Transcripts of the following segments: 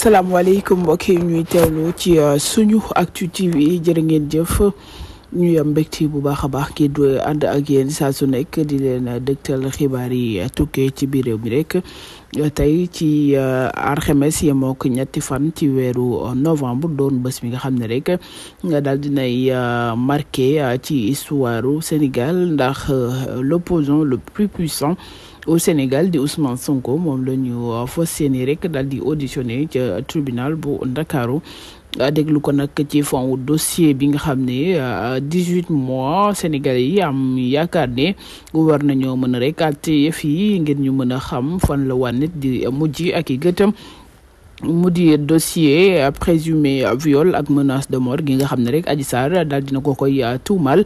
salaamaaleykum mbokk yi ñuy teewlu ci euh, suñu Actu TV jërë ngeen jëf ñu yam mbégte bu baax a baax kii du ànd ak yéen saa su nekk di leen dëgtal xibaar yi tukkee ci biir mi rek tey ci euh, arxemes yemoo ko ñetti fan ci weeru novembre doon bés mi nga xam ne rek nga daal dinay euh, marqué euh, ci histoire Sénégal ndax l'opposant le plus puissant au Sénégal di Ousmane Sonko moom la ñu euh, fas yéene rek daal di auditionné ca tribunal bu Ndakaaru euh, déglu ko nag ci fond dossier bi nga xam ne euh, dix-huit mois sénégalais yi am yaakaar ne war nañoo mën a rek àtte yëf yi ngir ñu mën a xam fan la wànnit di mujj ak i gëtam mu di dossier euh, présumé viol ak menace de mort gi nga xam ne rek Adji Sarr daal dina ko koy euh, tuumal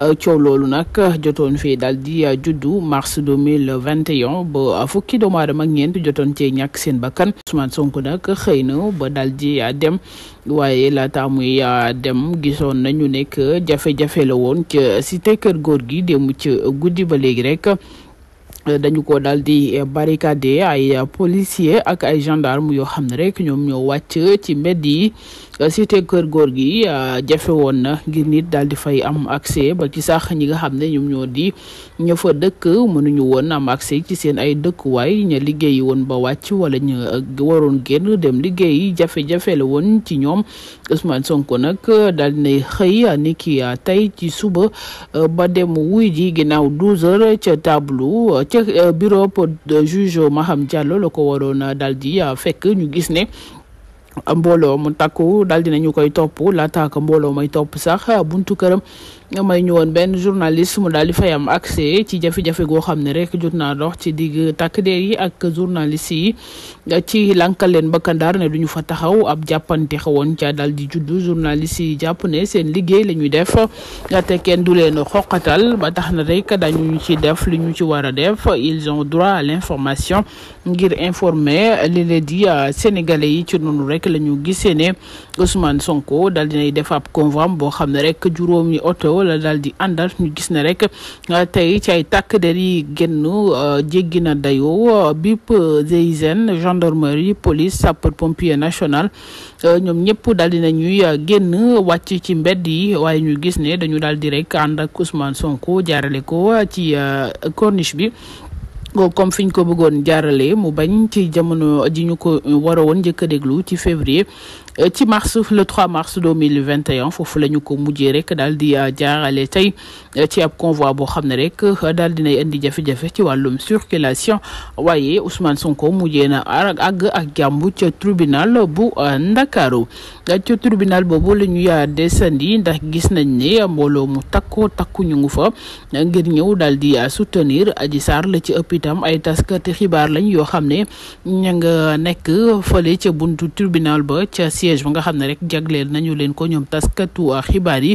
euh, coow loolu nag jotoon fii daal di juddu mars deux mille vingt et ba fukki doomu aadama ak ñeent jotoon cee ñàkk seen bakkan Ousmane Sonko nag xëy na ba daal di dem waaye laata muy dem gisoon nañu nekk jafe-jafe la woon ci te kër góor gi démb ci guddi ba léegi rek. dañu ko daal di eh, barricade ay eh, policier ak ay gendarme yoo xam ne rek ñoom ñoo wàcc ci mbedd yi eh, cité kër góor gi jafe woon na ngir nit daal di fay am accès ba ci sax ñi nga xam ne ñoom ñoo di ña dëkk mënuñu woon am accès ci seen ay dëkkuwaay ña liggéeyi woon ba wàcc wala ñu waroon génn dem liggéey jafe-jafe la woon ci ñoom Ousmane Sonko nag daal di xëy ni ki tey ci suba ba dem wuy ji ginnaaw douze heures ca tableau ca euh, bureau de euh, juge Maham Diallo la ko na euh, daal di fekk ñu gis ne mbooloo mu takku daal dinañu koy topp laataaka mbooloo moy topp sax buntu këram. may ñu woon benn journaliste mu daal di fay am accès ci jafe-jafe goo xam ne rek jot naa dox ci digg takk der yi ak journaliste yi ci lankal leen bakkandaar ne duñu fa taxaw ab jàppante xawoon ca daal di juddu journaliste yi jàpp ne seen liggéey la ñuy def te kenn du leen xoqatal ba tax na rek dañu ci def li ñu ci war a def ils ont droit à l'information ngir informer li leen di sénégalais yi ci noonu rek lañu ñu gisee ne Ousmane Sonko daal dinay def boo xam ne rek juróomi oto ko la daal di àndal ñu gis ne rek ah, tey ci ay takk der yi génn ah, jéggi na dayo ah, bip GIGN gendarmerie police sapeur pompier national ñoom ñëpp daal di nañuy génn wàcc ci mbedd yi waaye ñu gis ne dañu daal di rek ànd ak Ousmane Sonko jaarale ko ci corniche bi. comme fiñ ko bëggoon jaarale mu bañ ci jamono ji ñu ko war a woon njëkk a déglu ci février ci mars le 3 mars 2021 foofu la ñu ko mujjee rek daal di euh, jaarale tey euh, ci ab convoi boo xam ne rek euh, daal dinay indi jafe-jafe ci wàllum circulation waaye Ousmane Sonko mujjee na àgg ak jàmbu ca tribunal bu Ndakaaru ca tribunal boobu la ñu yaa desandi ndax gis nañ ne mbooloo mu takko takku ñu ngu fa ngir ñëw daal di soutenir Adji Sarr la ci ëpp itam ay taskati xibaar lañ yoo xam ne ña nekk fële ca buntu tribunal ba ca siège nga xam ne rek jagleel nañu leen ko ñoom taskatu ah, xibaar yi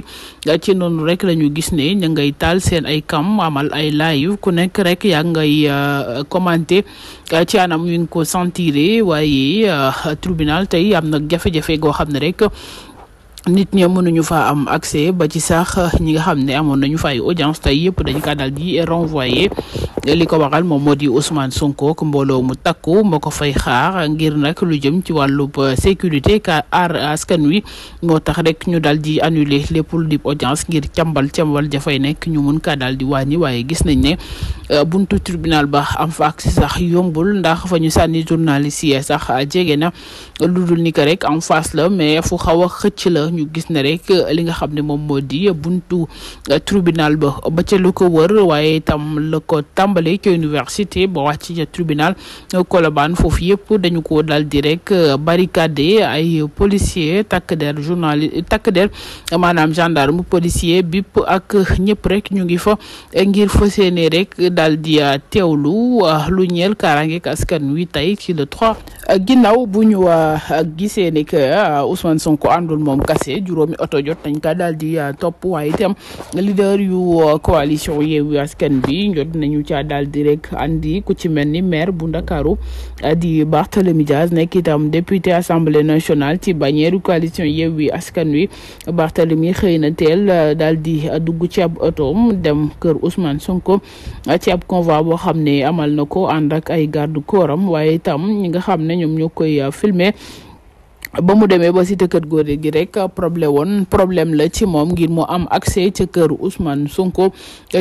ci noonu rek la ñu gis ne ña ngay taal seen ay kam amal ay live ku nekk rek yaa ngay ah, commenter ah, ci anam yu ko sentiré waaye tribunal tey am na jafe-jafe goo xam ne rek nit ñi mënuñu fa am accès ba ci sax ñi nga xam ne amoon nañu fa ay audience tey yëpp dañu kaa daal di renvoyé li ko waral moom moo di Ousmane Sonko ak mbooloo mu takku moo ko fay xaar ngir nag lu jëm ci wàllub sécurité ka aar askan wi moo tax rek ñu daal di annulé lépp lu di audience ngir càmbal cambal jafay nekk ñu mun kaa daal di wàññi waaye gis nañ ne euh, buntu tribunal ba am fa accès sax yombul ndax fa ñu sànni journaliste yi sax jege na lu dul ni ko rek en face la mais fu xaw xëcc la. ñu gis ne rek euh, li nga xam ne moom moo di buntu euh, tribunal ba ba ca lu ko wër waaye itam la ko tàmbale ca université ba wàcc ca tribunal euh, Colobane foofu yëpp dañu ko daal di rek barricade ay policier takk der journaliste takk der maanaam gendarme policier bipp ak ñëpp rek ñu ngi fa ngir fas yéene rek dal di teewlu lu ñeel kaaraange askan wi tey ci le 3 bu ñu gisee ne que Ousmane Sonko àndul moom kase blessé juróomi oto jot nañ ka daal di ah, topp waaye itam leader yu ah, coalition Yewwi Askan Wi jot nañu caa daal di rek andi ku ci mel ni maire bu Ndakaaru ah, di Barthélémy Dias nekk itam député assemblée national ci bannière coalition Yewwi Askan Wi Barthélémy xëy na teel daal di dugg ci ab dem kër Ousmane Sonko ci ab convoi boo xam ne amal na ko ànd ak ay garde corps am waaye itam ñi nga xam ne ñoom ñoo koy filmer ba mu demee ba cité kër góor gi rek problème woon problème la ci moom ngir mu am accès ca kër Ousmane Sonko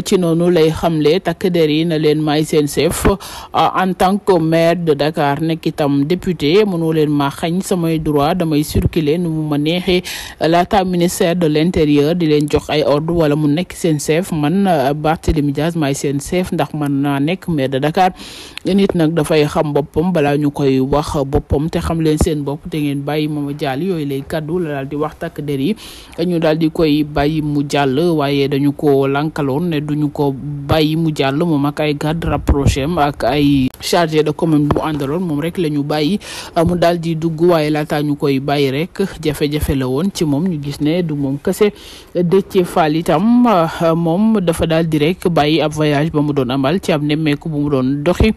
ci noonu lay xam le takk der yi na leen may seen chef euh, en tant que maire de Dakar nekk itam député mënoo leen ma xañ samay droit damay circuler nu mu ma neexee laata ministère de l' di leen jox ay ordre wala mu nekk seen seef man euh, Barthélémy Dias may seen chef ndax man naa nekk maire de Dakar nit nag dafay xam boppam balaa ñu koy wax boppam te xam leen seen bopp te ngeen bàyyi Ibrahima Diallo yooyu lay kaddu la daal di wax takk der yi ñu daal di koy bàyyi mu jàll waaye dañu ko lankaloon ne duñu ko bàyyi mu jàll moom ak ay garde rapproché am ak ay chargé de commune bu àndaloon moom rek la ñu bàyyi euh, mu daal di duggu waaye laataa ñu koy bàyyi rek jafe-jafe la woon ci moom ñu gis ne du moom kese Déthié Fall itam euh, moom dafa daal di rek bàyyi ab voyage ba mu doon amal ci ab nemmeeku bu mu doon doxi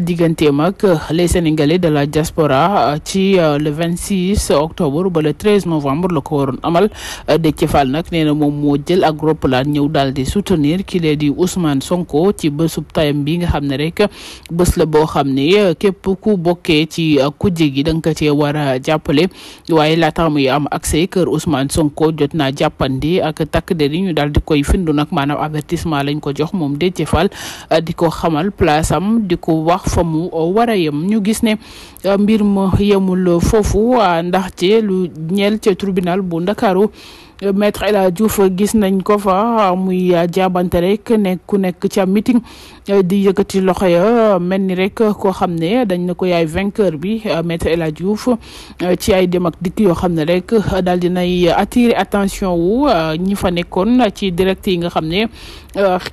digganteem mag euh, les sénégalais de la diaspora ci le 26 octobre ba le 13 novembre la ko waroon amal Déthié Fall nag nee na moom moo jël ak roppalaan ñëw daal di soutenir ki lee di Ousmane Sonko ci bésub tayam bi nga xam la boo xam ne euh, képp ku bokkee ci euh, kujje gi da nga ko cee war a jàppale waaye laata muy am accès kër Ousmane Sonko jot naa jàppandi ak takk der yi ñu daal di koy findu nag maanaam avertissement lañ ko jox moom Déthié Fall euh, di ko xamal place am di ko wax fa mu war a yem ñu gis ne mbir ma yemul foofu ndax ci lu ñeel ca tribunal bu Ndakaaru maître El Hadji Diouf gis nañ ko fa muy euh, jaabante rek ne ku nekk ci meeting euh, di yëkkati loxo ya mel ni rek koo xam ne dañ ne ko yaay vainqueur bi euh, maître El Hadji Diouf ci ay dem ak dikk yoo xam ne rek daal dinay attirer attention wu ñi fa nekkoon ci direct yi nga xam ne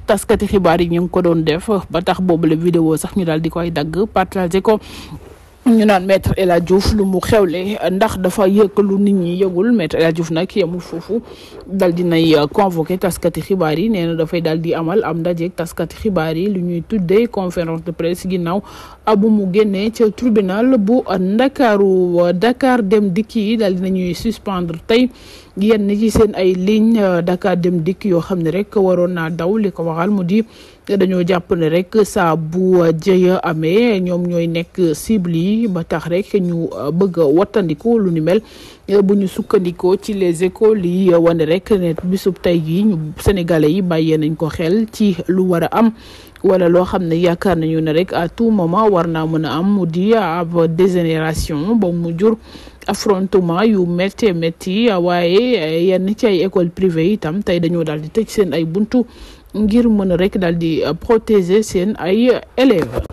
taskati xibaar yi ñu ngi ko doon def ba tax boobu le video sax ñu daal di koy dagg partager ko ñu naan maître El Hadj Diouf lu mu xewle ndax dafa yëg lu nit ñi yëgul maître El Hadj Diouf nag yemul foofu dal di nay euh, convoqué taskati xibaar yi nee na dafay daal di amal am ndajeeg taskati xibaar yi lu ñuy tuddee conférence de presse ginnaaw abu mu génnee ca tribunal bu ndakaaru dakaar dem dikk yi daal di nañuy suspendre tey yenn ci seen ay ligne euh, dakaar dem dikk yoo xam ne rek waroon naa daw li ko waxal mu di. dañoo jàpp ne rek saa bu jëya amee ñoom ñooy nekk cible yi ba tax rek ñu euh, bëgg a lu ni mel euh, bu ñu sukkandikoo ci les écoles yi wane rek ne bisub tey yi ñu sénégalais yi bàyyee nañ ko xel ci lu war a am wala loo xam ne yaakaar nañu ne rek à tout moment war naa mën a am mu di ab dégénération ba mu jur affrontement yu métti métti waaye yenn ci ay école privée itam tey dañoo daal di tëj seen ay buntu ngir mën a rek daal di euh, protéger seen ay euh, élève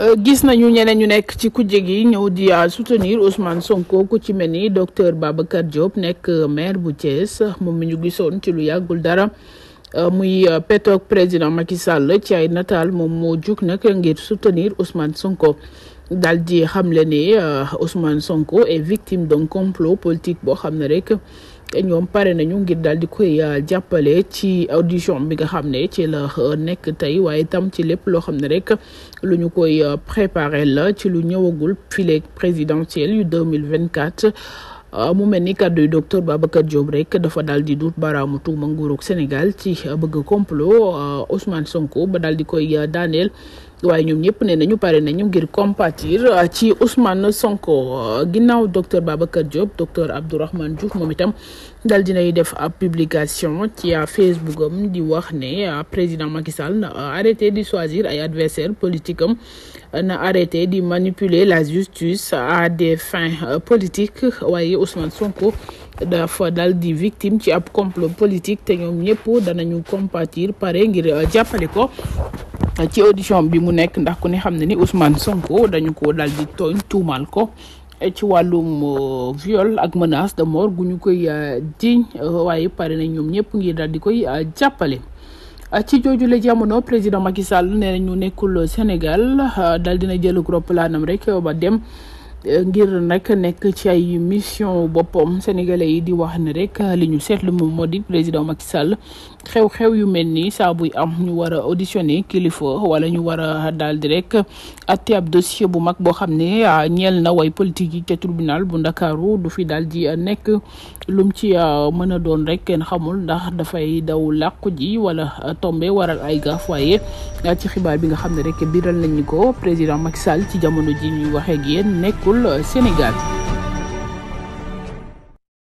euh, gis nañu ñeneen ñu nekk ci ku gi ñëw di soutenir Ousmane Sonko ku ci mel ni docteur Babacar Diop nekk maire bu Thiès moom mi ñu gisoon ci lu yàggul dara muy petoog président Macky Sall ci ay nataal moom moo jug nag ngir soutenir Ousmane Sonko dal di xamle ne Ousmane Sonko e victime d'un complot politique boo xam ne rek. ñoom pare nañu ngir daal di koy euh, jàppale ci audition bi nga xam ne ci la euh, nekk tey waaye tam ci lépp loo xam ne rek lu ñu koy euh, préparé la ci lu ñëwagul fileeg présidentielle yu 2024 mu mel ni kàddu yu docteur Babacar Diop rek dafa daal di duut baraamu tuuma nguurug Sénégal ci bëgg complot Ousmane Sonko ba daal di koy daaneel. waaye ñoom ñëpp ne nañu pare nañu ngir compatir euh, ci Ousmane Sonko ginnaaw docteur Babacar Diop docteur Abdourahmane Diouf moom itam dal dinay def ab publication ci Facebook am di wax ne euh, président Macky Sall na euh, arrêté di soisir ay adversaires politiques na arrêté di manipuler la justice à des fins politiques waaye Ousmane Sonko dafa dal di victime ci ab complot politique te ñoom ñëpp danañu compatir pare ngir jàppale ko. ci audition bi mu nekk ndax ku ne xam ne ni Ousmane Sonko dañu ko daal di tooñ tuumaal ko eh, ci wàllum euh, viol ak menace de mort gu ñu koy euh, jiiñ euh, waaye pare na ñoom ñëpp ngir daal di koy jàppale. ci jooju le jamono président Macky ne nee ñu nekkul Sénégal daal dina jël gros planam rek ba dem. ngir nag nekk ci ay mission boppam sénégalais yi di wax ne rek li ñu seetlu moom moo di président Macky xew-xew yu mel nii saa buy am ñu war a auditionné kilifa wala ñu war a daal di rek atte ab dossier bu mag boo xam ne ah, ñeel na way politique yi ca tribunal bu ndakaaru du fi daal di nekk lum ci ah, mën a doon rek kenn xamul ndax dafay daw làqu ji wala tombe waral ay gaaf waaye ah, ci xibaar bi nga xam ne rek biral nañu ko président mak Sall ci jamono ji ñuy waxee ak yéen nekkul Sénégal